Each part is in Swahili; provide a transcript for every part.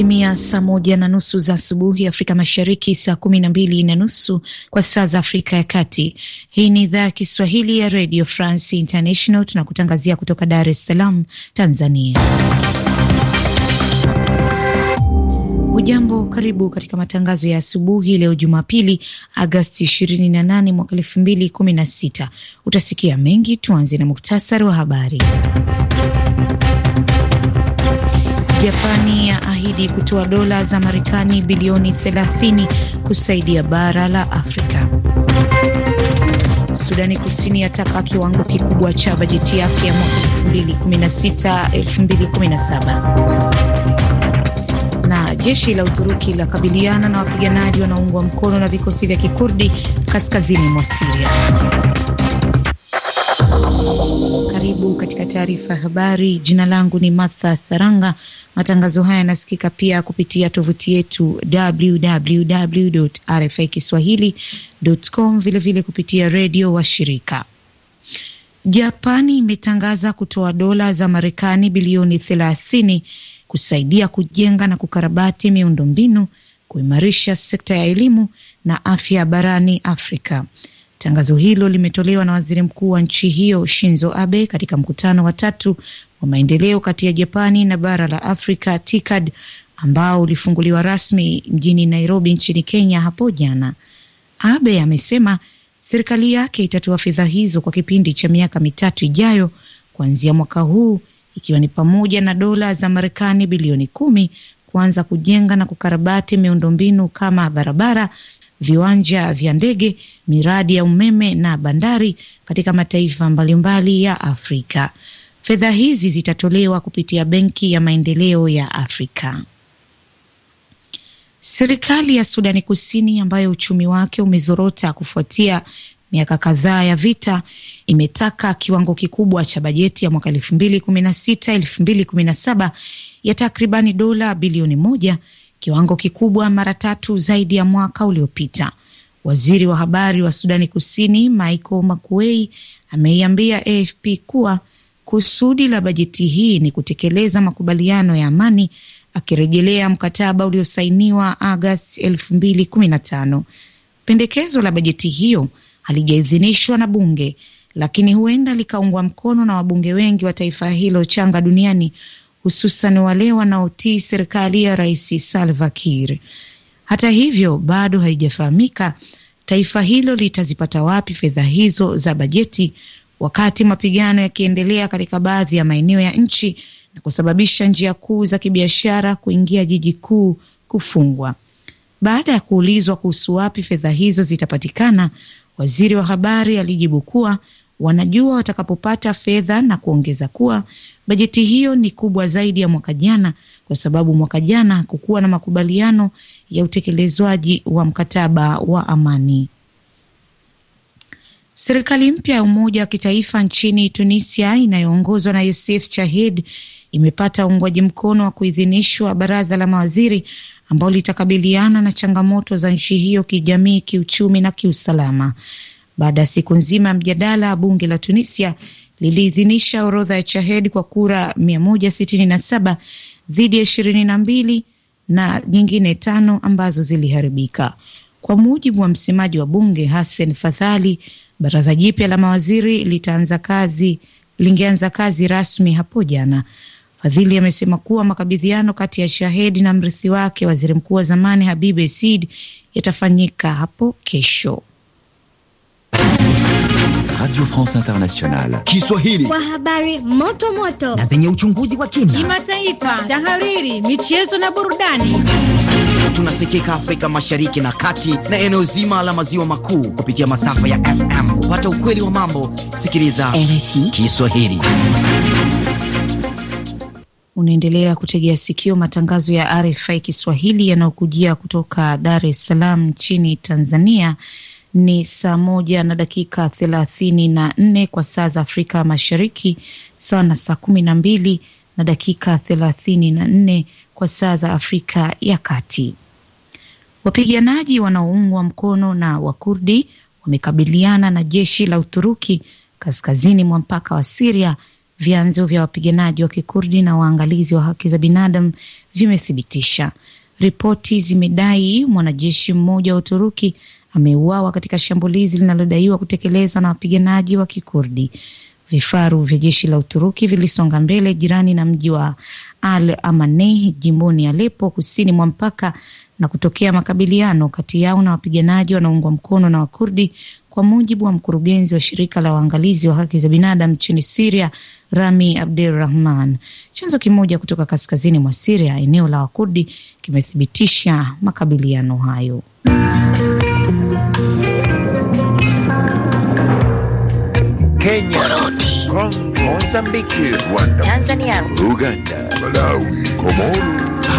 Imetimia saa moja na nusu za asubuhi Afrika Mashariki, saa kumi na mbili na nusu kwa saa za Afrika ya Kati. Hii ni idhaa ya Kiswahili ya Radio France International, tunakutangazia kutoka Dar es Salaam, Tanzania. Ujambo, karibu katika matangazo ya asubuhi leo Jumapili, Agasti 28 mwaka 2016. Utasikia mengi, tuanze na muktasari wa habari. Japani yaahidi kutoa dola za Marekani bilioni 30 kusaidia bara la Afrika. Sudani Kusini yataka kiwango kikubwa cha bajeti yake ya mwaka 2016 2017. Na jeshi la Uturuki la kabiliana na wapiganaji wanaoungwa mkono na vikosi vya Kikurdi kaskazini mwa Siria. Karibu katika taarifa ya habari. Jina langu ni Martha Saranga. Matangazo haya yanasikika pia kupitia tovuti yetu www RFI kiswahilicom, vilevile kupitia redio wa shirika. Japani imetangaza kutoa dola za Marekani bilioni 30 kusaidia kujenga na kukarabati miundombinu, kuimarisha sekta ya elimu na afya barani Afrika. Tangazo hilo limetolewa na waziri mkuu wa nchi hiyo Shinzo Abe katika mkutano wa tatu wa maendeleo kati ya Japani na bara la Afrika TICAD ambao ulifunguliwa rasmi mjini Nairobi nchini Kenya hapo jana. Abe amesema serikali yake itatoa fedha hizo kwa kipindi cha miaka mitatu ijayo kuanzia mwaka huu, ikiwa ni pamoja na dola za Marekani bilioni kumi kuanza kujenga na kukarabati miundombinu kama barabara, viwanja vya ndege, miradi ya umeme na bandari katika mataifa mbalimbali ya Afrika. Fedha hizi zitatolewa kupitia Benki ya Maendeleo ya Afrika. Serikali ya Sudani Kusini ambayo uchumi wake umezorota kufuatia miaka kadhaa ya vita imetaka kiwango kikubwa cha bajeti ya mwaka elfu mbili kumi na sita elfu mbili kumi na saba ya takribani dola bilioni moja kiwango kikubwa mara tatu zaidi ya mwaka uliopita. Waziri wa habari wa Sudani Kusini Michael Makuei ameiambia AFP kuwa kusudi la bajeti hii ni kutekeleza makubaliano ya amani, akirejelea mkataba uliosainiwa Agasti 2015. Pendekezo la bajeti hiyo halijaidhinishwa na bunge, lakini huenda likaungwa mkono na wabunge wengi wa taifa hilo changa duniani hususan wale wanaotii serikali ya Rais Salva Kiir. Hata hivyo, bado haijafahamika taifa hilo litazipata wapi fedha hizo za bajeti, wakati mapigano yakiendelea katika baadhi ya maeneo ya nchi na kusababisha njia kuu za kibiashara kuingia jiji kuu kufungwa. Baada ya kuulizwa kuhusu wapi fedha hizo zitapatikana, waziri wa habari alijibu kuwa wanajua watakapopata fedha na kuongeza kuwa Bajeti hiyo ni kubwa zaidi ya mwaka jana kwa sababu mwaka jana hakukuwa na makubaliano ya utekelezwaji wa mkataba wa amani. Serikali mpya ya umoja wa kitaifa nchini Tunisia inayoongozwa na Youssef Chahid imepata uungwaji mkono wa kuidhinishwa baraza la mawaziri ambao litakabiliana na changamoto za nchi hiyo kijamii, kiuchumi na kiusalama. Baada ya siku nzima ya mjadala, bunge la Tunisia liliidhinisha orodha ya Chahed kwa kura 167 dhidi ya 22 na nyingine tano ambazo ziliharibika. Kwa mujibu wa msemaji wa bunge Hassan Fadhali, baraza jipya la mawaziri litaanza kazi lingeanza kazi rasmi hapo jana. Fadhili amesema kuwa makabidhiano kati ya Shahed na mrithi wake waziri mkuu wa zamani Habib Esid yatafanyika hapo kesho. Radio France Internationale. Kiswahili. Kwa habari moto moto na zenye uchunguzi wa kina, kimataifa, tahariri, michezo na burudani. Tunasikika Afrika Mashariki na Kati na eneo zima la Maziwa Makuu kupitia masafa ya FM. Kupata ukweli wa mambo, sikiliza RFI Kiswahili. Unaendelea kutegea sikio matangazo ya RFI Kiswahili yanayokujia kutoka Dar es Salaam nchini Tanzania ni saa moja na dakika thelathini na nne kwa saa za Afrika Mashariki, sawa na saa kumi na mbili na dakika thelathini na nne kwa saa za Afrika ya Kati. Wapiganaji wanaoungwa mkono na Wakurdi wamekabiliana na jeshi la Uturuki kaskazini mwa mpaka wa Siria. Vyanzo vya wapiganaji wa Kikurdi na waangalizi wa haki za binadamu vimethibitisha. Ripoti zimedai mwanajeshi mmoja wa Uturuki ameuawa katika shambulizi linalodaiwa kutekelezwa na wapiganaji wa Kikurdi. Vifaru vya jeshi la Uturuki vilisonga mbele jirani na mji wa Al Amaneh jimboni alepo kusini mwa mpaka na kutokea makabiliano kati yao na wapiganaji wanaoungwa mkono na Wakurdi kwa mujibu wa mkurugenzi wa shirika la waangalizi wa haki za binadamu nchini Siria, Rami Abdurrahman. Chanzo kimoja kutoka kaskazini mwa Siria, eneo la Wakurdi, kimethibitisha makabiliano hayo. Kenya, Kongo, Mozambiki, Rwanda, Tanzania, Uganda, Malawi, Komoro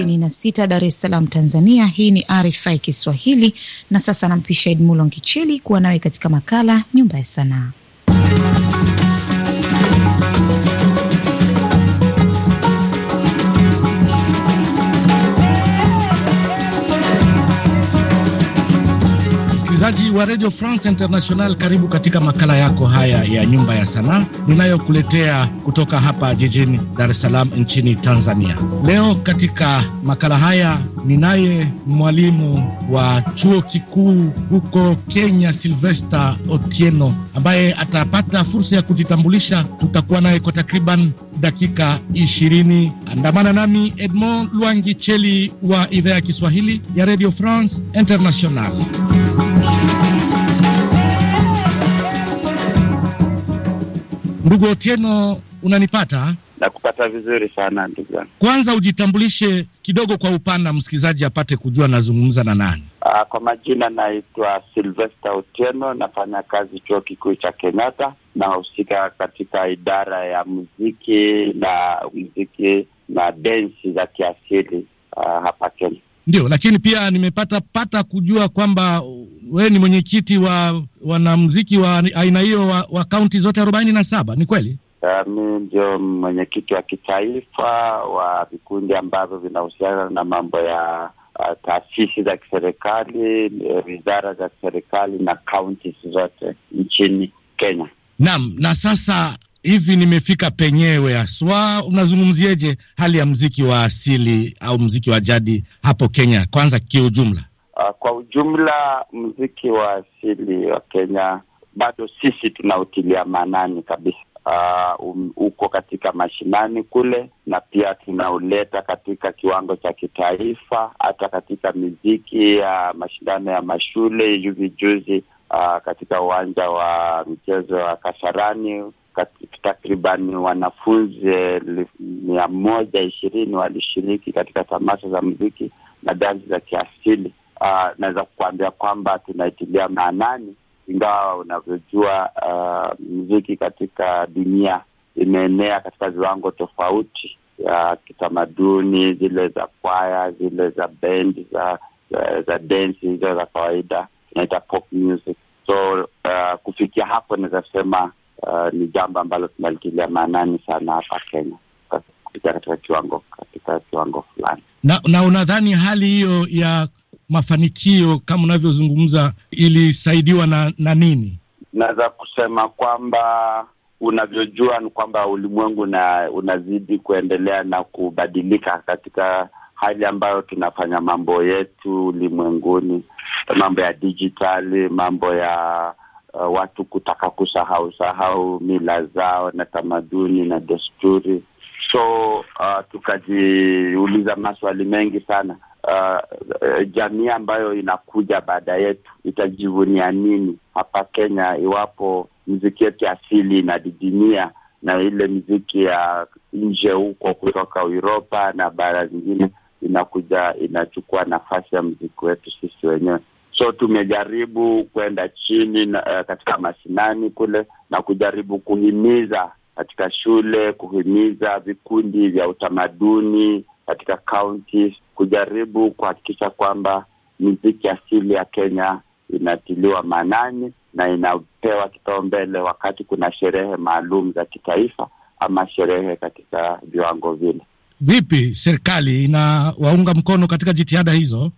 hamsini na sita Dar es Salaam, Tanzania. Hii ni RFI Kiswahili, na sasa nampisha Edmulongicheli kuwa nawe katika makala Nyumba ya Sanaa. msikilizaji wa Radio France International, karibu katika makala yako haya ya nyumba ya sanaa ninayokuletea kutoka hapa jijini Dar es Salaam nchini Tanzania. Leo katika makala haya ninaye mwalimu wa chuo kikuu huko Kenya, Silvester Otieno, ambaye atapata fursa ya kujitambulisha. Tutakuwa naye kwa takriban dakika ishirini. Andamana nami Edmond Lwangi Cheli wa idhaa ya Kiswahili ya Radio France International. Ndugu Otieno, unanipata? Nakupata vizuri sana ndugu yangu. Kwanza ujitambulishe kidogo kwa upana, msikilizaji apate kujua nazungumza na nani. Aa, ah, kwa majina naitwa Silvester Otieno, nafanya kazi chuo kikuu cha Kenyatta, nahusika katika idara ya muziki na muziki na densi za kiasili ah, hapa Kenya. Ndio, lakini pia nimepata pata kujua kwamba wewe ni mwenyekiti wa wanamziki wa aina hiyo wa, wa kaunti zote arobaini na saba ni kweli? Eh, mi ndio mwenyekiti wa kitaifa wa vikundi ambavyo vinahusiana na mambo ya taasisi za kiserikali, eh, wizara za kiserikali na kaunti zote nchini Kenya. Naam, na sasa hivi nimefika penyewe haswa. unazungumziaje hali ya mziki wa asili au mziki wa jadi hapo Kenya, kwanza kiujumla? Uh, kwa ujumla mziki wa asili wa Kenya bado sisi tunautilia maanani kabisa. Uh, um, uko katika mashinani kule na pia tunauleta katika kiwango cha kitaifa, hata katika miziki ya uh, mashindano ya mashule hivi juzi uh, katika uwanja wa michezo wa Kasarani takriban wanafunzi mia moja ishirini walishiriki katika tamasha za muziki na dansi za kiasili uh, naweza kukuambia kwamba tunaitilia maanani, ingawa unavyojua uh, muziki katika dunia imeenea katika viwango tofauti ya kitamaduni, zile za kwaya, zile za bendi, za za, za densi hizo za kawaida tunaita pop music. So uh, kufikia hapo naweza uh, ni jambo ambalo tunalitilia maanani sana hapa Kenya katika kiwango katika kiwango fulani. Na, na unadhani hali hiyo ya mafanikio kama unavyozungumza ilisaidiwa na, na nini? Naweza kusema kwamba unavyojua ni kwamba ulimwengu na unazidi kuendelea na kubadilika katika hali ambayo tunafanya mambo yetu ulimwenguni, mambo ya dijitali, mambo ya uh, watu kutaka kusahau sahau mila zao na tamaduni na desturi. So uh, tukajiuliza maswali mengi sana Uh, jamii ambayo inakuja baada yetu itajivunia nini hapa Kenya iwapo mziki yetu ya asili inadidimia na ile mziki ya nje huko kutoka Uropa na bara zingine inakuja inachukua nafasi ya mziki wetu sisi wenyewe. So tumejaribu kwenda chini uh, katika mashinani kule na kujaribu kuhimiza katika shule, kuhimiza vikundi vya utamaduni katika kaunti kujaribu kuhakikisha kwamba miziki asili ya Kenya inatiliwa maanani na inapewa kipaumbele wakati kuna sherehe maalum za kitaifa ama sherehe katika viwango vile. Vipi serikali inawaunga mkono katika jitihada hizo?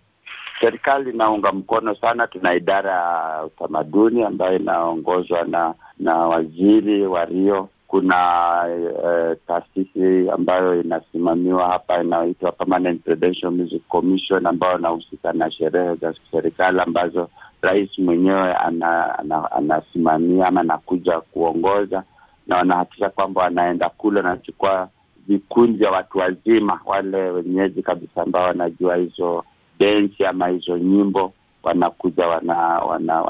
Serikali inaunga mkono sana. Tuna idara ya utamaduni ambayo inaongozwa na na waziri rio kuna uh, taasisi ambayo inasimamiwa hapa inayoitwa Permanent Music Commission ambayo inahusika na sherehe za serikali ambazo rais mwenyewe anasimamia ana, ana, ana ama anakuja kuongoza, na wanahakikisha kwamba wanaenda kule, wanachukua vikundi vya watu wazima, wale wenyeji kabisa ambao wanajua hizo densi ama hizo nyimbo, wanakuja wanajaribu wana,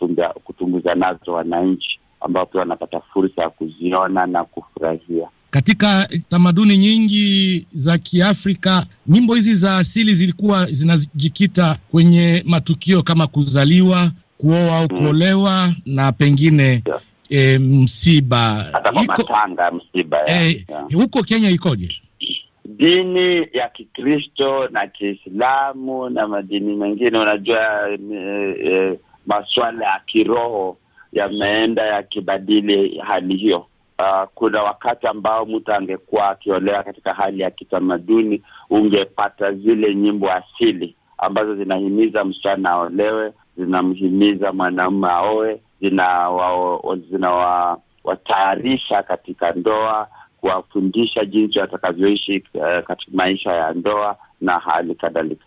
wana kutumbuza nazo wananchi ambapo wanapata fursa ya kuziona na kufurahia. Katika tamaduni nyingi za Kiafrika, nyimbo hizi za asili zilikuwa zinajikita kwenye matukio kama kuzaliwa, kuoa au mm. kuolewa, mm, na pengine yeah. E, msiba matanga, msiba ya, e, ya. Huko Kenya ikoje? Dini ya Kikristo na Kiislamu na madini mengine, unajua e, e, masuala ya kiroho yameenda yakibadili hali hiyo. Uh, kuna wakati ambao mtu angekuwa akiolewa katika hali ya kitamaduni, ungepata zile nyimbo asili ambazo zinahimiza msichana aolewe, zinamhimiza mwanaume aoe, zinawatayarisha wa, katika ndoa, kuwafundisha jinsi watakavyoishi uh, katika maisha ya ndoa na hali kadhalika.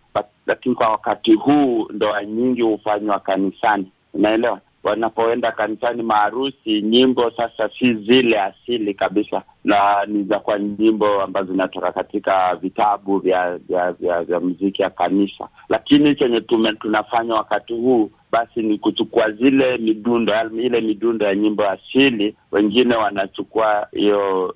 Lakini kwa wakati huu ndoa nyingi hufanywa kanisani, unaelewa wanapoenda kanisani, maarusi, nyimbo sasa si zile asili kabisa, na ni za kwa nyimbo ambazo zinatoka katika vitabu vya vya, vya, vya muziki ya kanisa. Lakini chenye tume, tunafanya wakati huu basi ni kuchukua zile midundo, ile midundo ya nyimbo asili. Wengine wanachukua hiyo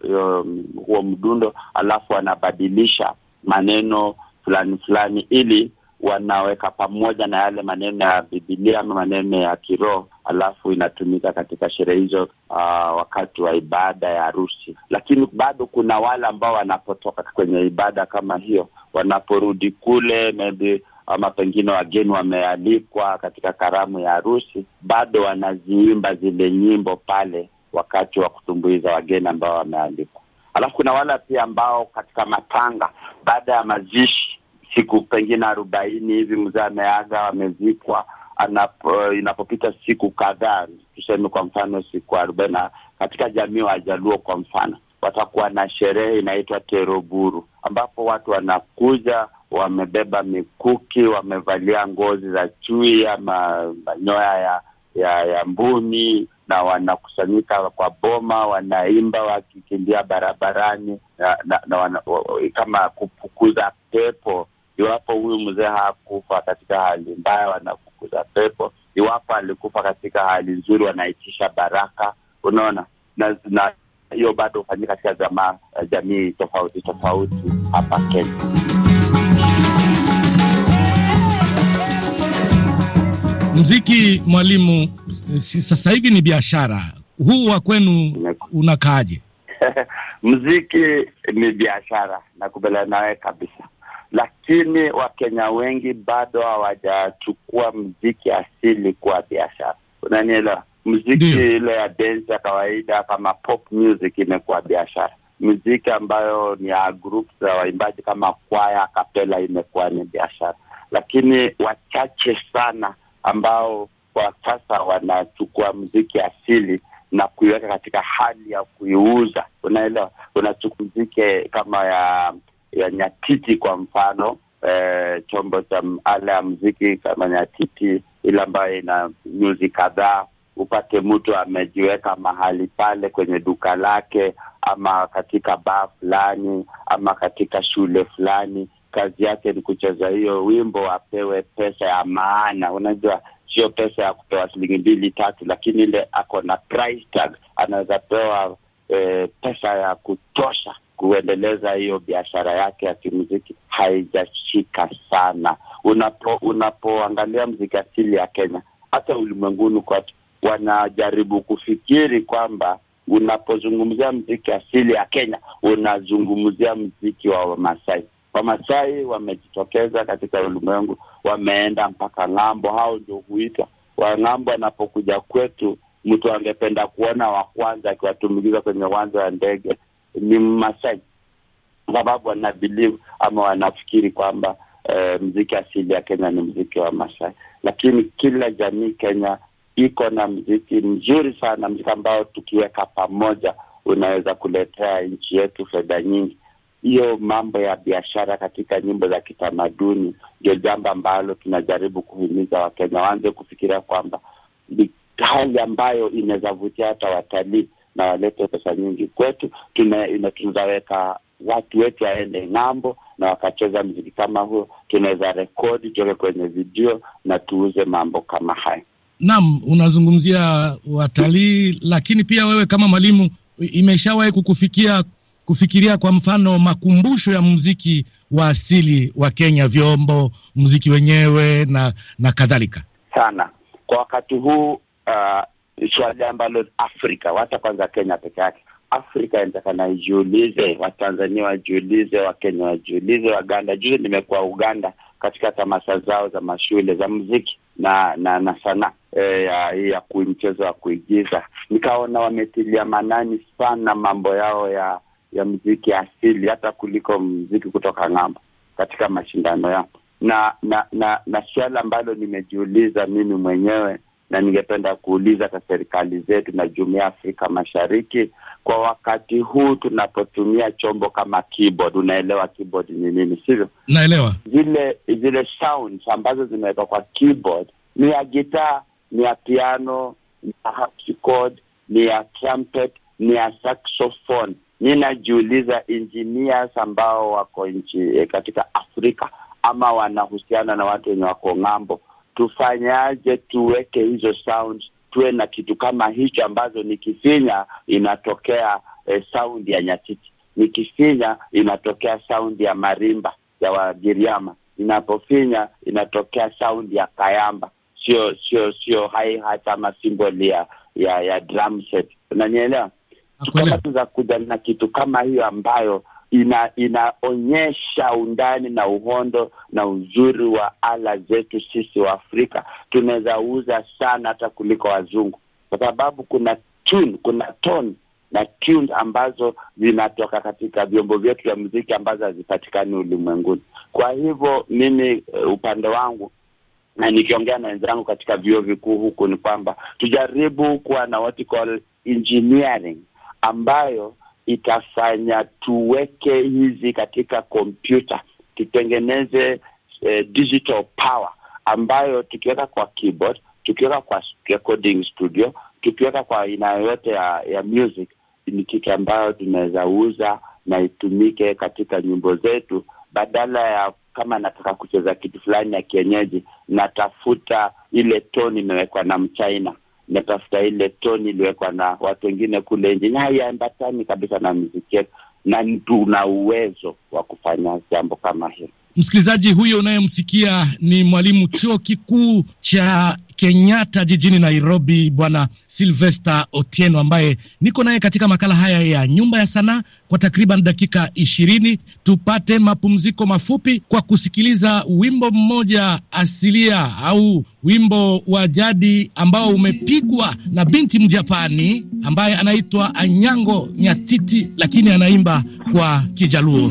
huo mdundo, alafu wanabadilisha maneno fulani fulani ili wanaweka pamoja na yale maneno ya Bibilia ama maneno ya kiroho, alafu inatumika katika sherehe hizo, uh, wakati wa ibada ya harusi. Lakini bado kuna wale ambao wanapotoka kwenye ibada kama hiyo, wanaporudi kule maybe ama pengine wageni wamealikwa katika karamu ya harusi, bado wanaziimba zile nyimbo pale wakati wa kutumbuiza wageni ambao wamealikwa. Alafu kuna wale pia ambao katika matanga baada ya mazishi siku pengine arobaini hivi mzee ameaga, amezikwa uh, inapopita siku kadhaa, tuseme kwa mfano siku arobaini na katika jamii Wajaluo kwa mfano watakuwa na sherehe inaitwa Teroburu, ambapo watu wanakuja wamebeba mikuki, wamevalia ngozi za chui ama manyoya ya, ya, ya mbuni na wanakusanyika kwa boma, wanaimba wakikimbia barabarani na, na, na wana, kama kupukuza pepo Iwapo huyu mzee hakufa katika hali mbaya, wanafukuza pepo. Iwapo alikufa katika hali nzuri, wanaitisha baraka. Unaona, na hiyo bado hufanyika katika jamaa, jamii tofauti tofauti hapa Kenya. Mziki mwalimu, sasa hivi ni biashara. Huu wa kwenu unakaaje? Mziki ni biashara, nakubaliana nawe kabisa nchini Wakenya wengi bado hawajachukua mziki asili kuwa biashara, unanielewa? Mziki ile ya densi ya kawaida kama pop music imekuwa biashara. Mziki ambayo ni ya group za waimbaji kama kwaya kapela imekuwa ni biashara, lakini wachache sana ambao kwa sasa wanachukua mziki asili na kuiweka katika hali ya kuiuza, unaelewa? Unachukua mziki kama ya ya nyatiti kwa mfano e, chombo cha ala ya mziki kama nyatiti ile ambayo ina nyuzi kadhaa, upate mtu amejiweka mahali pale kwenye duka lake ama katika baa fulani ama katika shule fulani, kazi yake ni kucheza hiyo wimbo, apewe pesa ya maana. Unajua, sio pesa ya kupewa shilingi mbili tatu, lakini ile ako na price tag, anaweza pewa e, pesa ya kutosha kuendeleza hiyo biashara yake ya kimuziki haijashika sana. Unapo unapoangalia mziki asili ya Kenya hata ulimwenguni kote, wanajaribu kufikiri kwamba unapozungumzia mziki asili ya Kenya unazungumzia mziki wa Wamasai. Wamasai wamejitokeza katika ulimwengu, wameenda mpaka ng'ambo. Hao ndio huitwa wang'ambo. Wanapokuja kwetu, mtu angependa kuona wa kwanza akiwatumikiza kwenye uwanja wa ndege ni Masai, sababu wana believe ama wanafikiri kwamba e, eh, mziki asili ya Kenya ni mziki wa Masai, lakini kila jamii Kenya iko na mziki mzuri sana, mziki ambao tukiweka pamoja unaweza kuletea nchi yetu fedha nyingi. Hiyo mambo ya biashara katika nyimbo za kitamaduni ndio jambo ambalo tunajaribu kuhimiza Wakenya waanze kufikiria kwamba hali ambayo inaweza vutia hata watalii na walete pesa nyingi kwetu, tunaweka watu wetu waende ng'ambo na wakacheza mziki kama huo. Tunaweza rekodi tuweke kwenye video na tuuze mambo kama haya. nam unazungumzia watalii, lakini pia wewe kama mwalimu, imeshawahi kukufikia kufikiria kwa mfano makumbusho ya muziki wa asili wa Kenya, vyombo muziki wenyewe na na kadhalika? Sana kwa wakati huu uh, swali ambalo Afrika hata kwanza Kenya peke yake Afrika inatakana ijiulize, Watanzania wajiulize, Wakenya wajiulize, Waganda. juu nimekuwa Uganda katika tamasha zao za mashule za mziki na na na sana e, ya, ya mchezo wa kuigiza, nikaona wametilia manani sana mambo yao ya ya muziki asili hata kuliko mziki kutoka ng'ambo katika mashindano yao, na na na, na suala ambalo nimejiuliza mimi mwenyewe na ningependa kuuliza kwa serikali zetu na jumuia Afrika Mashariki, kwa wakati huu tunapotumia chombo kama keyboard, unaelewa keyboard ni nini, sivyo? Naelewa zile zile sounds ambazo zimewekwa kwa keyboard, ni ya gitaa, ni ya piano, ni ya harpsichord, ni ya trumpet, ni ya saxophone. Ninajiuliza engineers ambao wako nchi eh, katika Afrika ama wanahusiana na watu wenye wako ng'ambo tufanyaje tuweke hizo sound tuwe na kitu kama hicho ambazo nikifinya inatokea eh, sound ya nyatiti, nikifinya inatokea sound ya marimba ya Wagiriama, inapofinya inatokea sound ya kayamba, sio sio sio hai hata ama symbol ya ya, ya drum set. Unanielewa? Kama tuza kuja na kitu kama hiyo ambayo ina inaonyesha undani na uhondo na uzuri wa ala zetu. Sisi wa Afrika tunaweza uza sana hata kuliko wazungu, kwa sababu kuna tune, kuna tone na tune ambazo zinatoka katika vyombo vyetu vya muziki ambazo hazipatikani ulimwenguni. Kwa hivyo mimi uh, upande wangu na nikiongea na wenzangu katika vyuo vikuu huku ni kwamba tujaribu kuwa na what you call engineering ambayo itafanya tuweke hizi katika kompyuta, tutengeneze eh, digital power ambayo tukiweka kwa keyboard, tukiweka kwa recording studio, tukiweka kwa aina yoyote ya, ya music, ni kitu ambayo tunaweza uza na itumike katika nyimbo zetu, badala ya kama nataka kucheza kitu fulani ya kienyeji, natafuta ile toni imewekwa na Mchina natafuta ile toni iliwekwa na watu wengine kule nje, na haiambatani kabisa na mziki yetu, na tuna uwezo wa kufanya jambo kama hilo. Msikilizaji huyo unayemsikia ni mwalimu chuo kikuu cha Kenyatta jijini Nairobi, Bwana Silvester Otieno, ambaye niko naye katika makala haya ya Nyumba ya Sanaa kwa takriban dakika ishirini. Tupate mapumziko mafupi kwa kusikiliza wimbo mmoja asilia au wimbo wa jadi ambao umepigwa na binti Mjapani ambaye anaitwa Anyango Nyatiti, lakini anaimba kwa Kijaluo.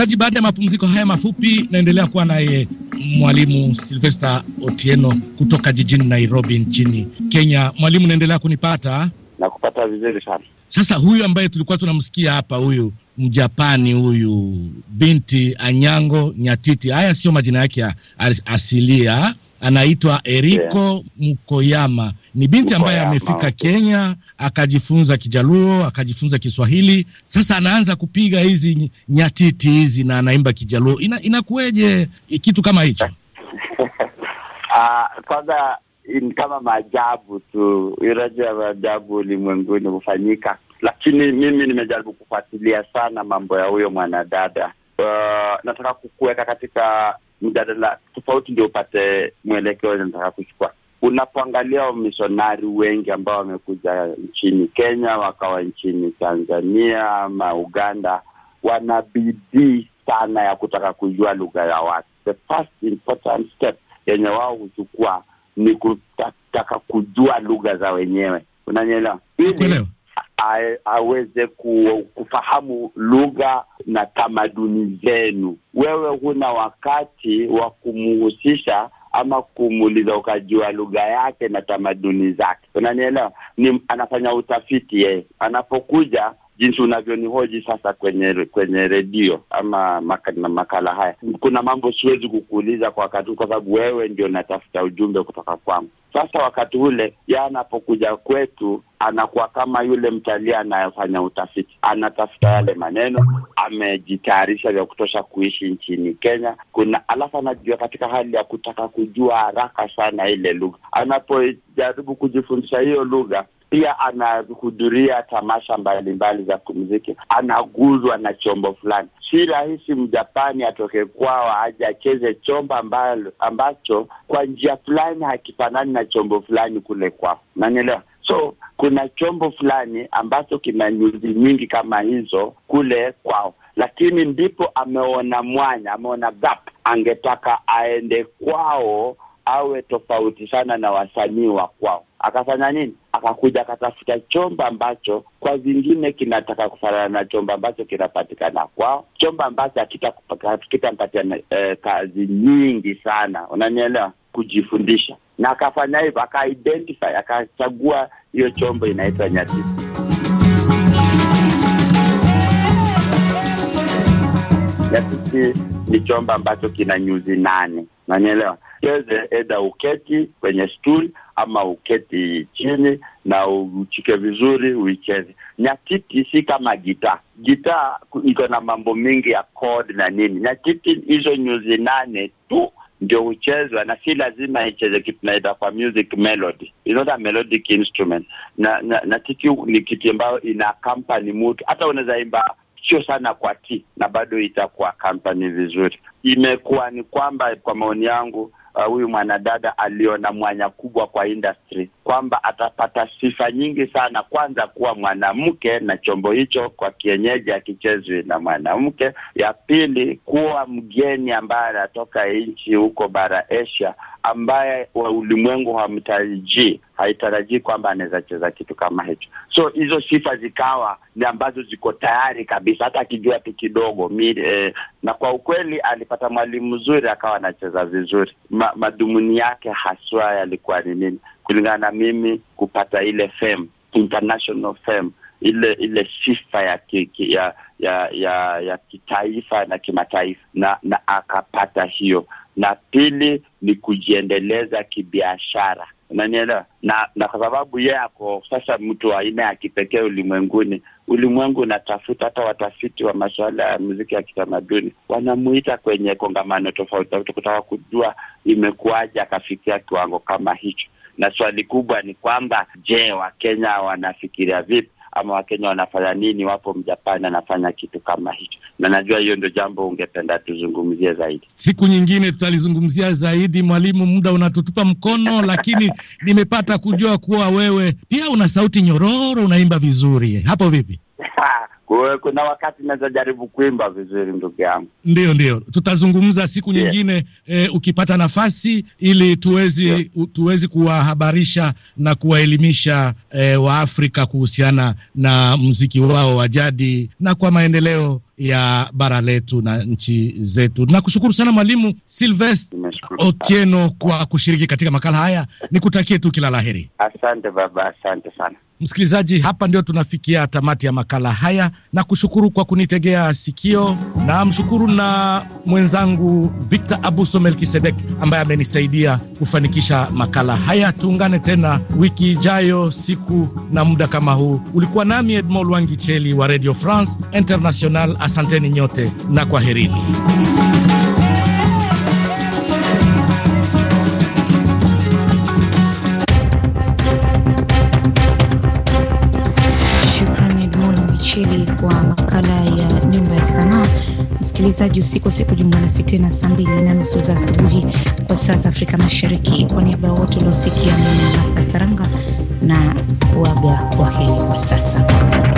Msikilizaji, baada ya mapumziko haya mafupi, naendelea kuwa naye mwalimu Silvester Otieno kutoka jijini Nairobi nchini Kenya. Mwalimu, naendelea kunipata? Nakupata vizuri sana. Sasa huyu ambaye tulikuwa tunamsikia hapa, huyu Mjapani huyu binti Anyango Nyatiti, haya sio majina yake asilia, anaitwa Eriko yeah, Mukoyama ni binti ambaye amefika Kenya akajifunza Kijaluo, akajifunza Kiswahili, sasa anaanza kupiga hizi nyatiti hizi na anaimba Kijaluo. Ina, inakuweje kitu kama hicho? Ah, kwanza ni kama maajabu tu, iraji ya maajabu ulimwenguni hufanyika, lakini mimi nimejaribu kufuatilia sana mambo ya huyo mwanadada. Uh, nataka kukuweka katika mjadala tofauti ndio upate mwelekeo nataka kuchukua unapoangalia wamishonari wengi ambao wamekuja nchini Kenya, wakawa nchini Tanzania ama Uganda, wana bidii sana ya kutaka kujua lugha ya watu. The first important step yenye wao huchukua ni kutaka kujua lugha za wenyewe, unanielewa, ili aweze ku, kufahamu lugha na tamaduni zenu. Wewe huna wakati wa kumhusisha ama kumuuliza ukajua lugha yake na tamaduni zake, unanielewa? Ni anafanya utafiti yeye, anapokuja jinsi unavyonihoji sasa kwenye kwenye redio ama maka, na makala haya, kuna mambo siwezi kukuuliza kwa wakati kwa sababu wewe ndio natafuta ujumbe kutoka kwangu. Sasa wakati ule ya anapokuja kwetu anakuwa kama yule mtalii anayefanya utafiti, anatafuta yale maneno, amejitayarisha vya kutosha kuishi nchini Kenya. Kuna alafu anajua katika hali ya kutaka kujua haraka sana ile lugha, anapojaribu kujifundisha hiyo lugha pia anahudhuria tamasha mbalimbali za kumziki, anaguzwa na chombo fulani. Si rahisi mjapani atoke kwao aje acheze chombo ambalo ambacho kwa njia fulani hakifanani na chombo fulani kule kwao, nanielewa. So kuna chombo fulani ambacho kina nyuzi nyingi kama hizo kule kwao, lakini ndipo ameona mwanya, ameona gap, angetaka aende kwao awe tofauti sana na wasanii wa kwao, akafanya nini? akakuja akatafuta chombo ambacho kwa zingine kinataka kufanana na chombo ambacho kinapatikana kwao, chombo ambacho kitampatia eh, kazi nyingi sana, unanielewa, kujifundisha. Na akafanya hivyo, akaidentify, akachagua hiyo chombo inaitwa nyati. Nyatiti ni chombo ambacho kina nyuzi nane, unanielewa tuelekeze, eda uketi kwenye stuli ama uketi chini na uchike vizuri uicheze. Nyatiti si kama gitaa. Gitaa iko na mambo mingi ya chord na nini. Nyatiti hizo nyuzi nane tu ndio huchezwa na si lazima icheze kitu naita kwa music melody, not a melodic instrument. Na, na, na tiki ni kitu ambayo ina company mutu hata unaweza imba sio sana kwa ti na bado itakuwa company vizuri. Imekuwa ni kwamba kwa maoni yangu Uh, huyu uh, mwanadada aliona mwanya kubwa kwa industry kwamba atapata sifa nyingi sana. Kwanza kuwa mwanamke na chombo hicho kwa kienyeji akichezwi na mwanamke. Ya pili kuwa mgeni ambaye anatoka nchi huko bara Asia ambaye wa ulimwengu hamtarajii haitarajii kwamba anaweza cheza kitu kama hicho. So hizo sifa zikawa ni ambazo ziko tayari kabisa, hata akijua tu kidogo eh, na kwa ukweli alipata mwalimu mzuri akawa anacheza vizuri. Ma, madhumuni yake haswa yalikuwa ni nini? Kulingana na mimi, kupata ile fame, international fame, ile ile sifa ya, ki, ya ya ya ya kitaifa na kimataifa na, na akapata hiyo, na pili ni kujiendeleza kibiashara, unanielewa na na kwa sababu yeye ako sasa mtu wa aina ya kipekee ulimwenguni. Ulimwengu unatafuta hata watafiti wa masuala ya muziki ya kitamaduni wanamuita kwenye kongamano tofauti tofauti kutaka kujua imekuwaje akafikia kiwango kama hicho, na swali kubwa ni kwamba je, Wakenya wanafikiria vipi? ama Wakenya wanafanya nini, wapo Mjapani anafanya kitu kama hicho, na najua hiyo ndio jambo ungependa tuzungumzie zaidi. Siku nyingine tutalizungumzia zaidi, mwalimu, muda unatutupa mkono lakini nimepata kujua kuwa wewe pia una sauti nyororo, unaimba vizuri, hapo vipi? kuna wakati naweza jaribu kuimba vizuri, ndugu yangu. Ndio, ndio, tutazungumza siku yeah, nyingine e, ukipata nafasi ili tuwezi yeah, tuwezi kuwahabarisha na kuwaelimisha e, eh, Waafrika kuhusiana na mziki wao wa jadi na kwa maendeleo ya bara letu na nchi zetu. Nakushukuru sana Mwalimu Silvestre Otieno kwa kushiriki katika makala haya, nikutakie tu kila laheri. Asante baba, asante sana. Msikilizaji, hapa ndio tunafikia tamati ya makala haya, na kushukuru kwa kunitegea sikio, na mshukuru na mwenzangu Victor Abuso Melkisedek ambaye amenisaidia kufanikisha makala haya. Tuungane tena wiki ijayo, siku na muda kama huu. Ulikuwa nami Edmond Lwangicheli wa Radio France International. Asanteni nyote na kwaherini. Msikilizaji, usikose kujiunga nasi tena saa mbili na nusu za asubuhi kwa saa za Afrika Mashariki. Kwa niaba ya wote uliosikia, mimi Martha Saranga na kuaga, kwa heri kwa sasa.